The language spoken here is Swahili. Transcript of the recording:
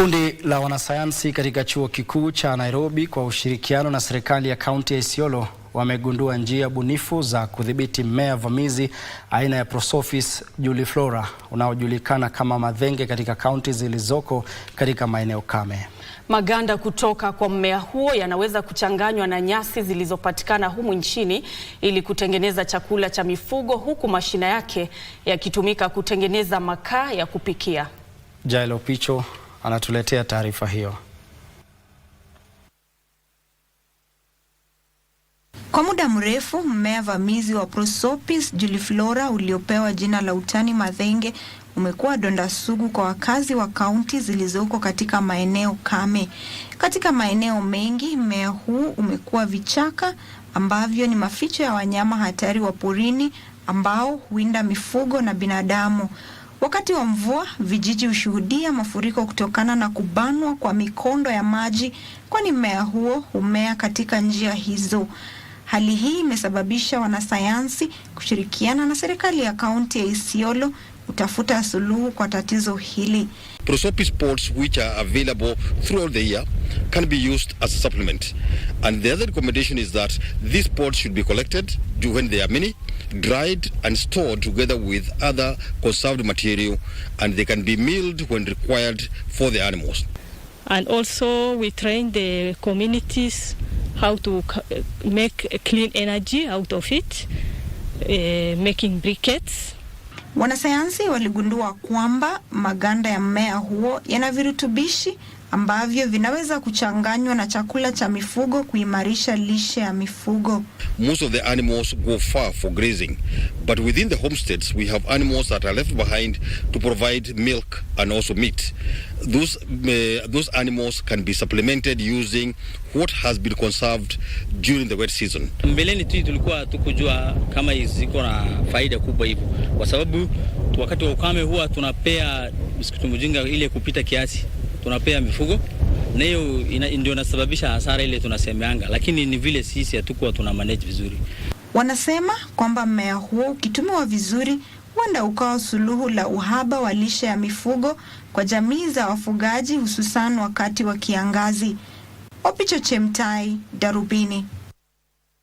Kundi la wanasayansi katika chuo kikuu cha Nairobi kwa ushirikiano na serikali ya kaunti ya Isiolo wamegundua njia bunifu za kudhibiti mmea vamizi aina ya Prosopis juliflora unaojulikana kama madhenge katika kaunti zilizoko katika maeneo kame. Maganda kutoka kwa mmea huo yanaweza kuchanganywa na nyasi zilizopatikana humu nchini ili kutengeneza chakula cha mifugo huku mashina yake yakitumika kutengeneza makaa ya kupikia. Jailo Picho anatuletea taarifa hiyo. Kwa muda mrefu mmea vamizi wa Prosopis juliflora uliopewa jina la utani madhenge umekuwa donda sugu kwa wakazi wa kaunti zilizoko katika maeneo kame. Katika maeneo mengi, mmea huu umekuwa vichaka ambavyo ni maficho ya wanyama hatari wa porini ambao huinda mifugo na binadamu. Wakati wa mvua, vijiji hushuhudia mafuriko kutokana na kubanwa kwa mikondo ya maji, kwani mmea huo humea katika njia hizo. Hali hii imesababisha wanasayansi kushirikiana na serikali ya kaunti ya Isiolo kutafuta suluhu kwa tatizo hili. Prosopi sports which are available throughout the year can be used as a supplement. And the other recommendation is that these sports should be collected when they are many, dried and stored together with other conserved material and they can be milled when required for the animals. And also we train the communities how to uh, make clean energy out of it, uh, making briquettes. Wanasayansi waligundua kwamba maganda ya mmea huo yana virutubishi ambavyo vinaweza kuchanganywa na chakula cha mifugo kuimarisha lishe ya mifugo. Most of the animals go far for grazing, but within the homesteads we have animals that are left behind to provide milk and also meat. Those, uh, those animals can be supplemented using what has been conserved during the wet season. Mbeleni tu tulikuwa tukujua kama hizi ziko na faida kubwa hivyo, kwa sababu wakati wa ukame huwa tunapea msikitu mjinga ile kupita kiasi tunapea mifugo na hiyo ndio inasababisha hasara ile tunasemeanga, lakini ni vile sisi hatukuwa tuna manage vizuri. Wanasema kwamba mmea huo ukitumiwa vizuri huenda ukawa suluhu la uhaba wa lishe ya mifugo kwa jamii za wafugaji, hususan wakati wa kiangazi. Opicho Chemtai, Darubini.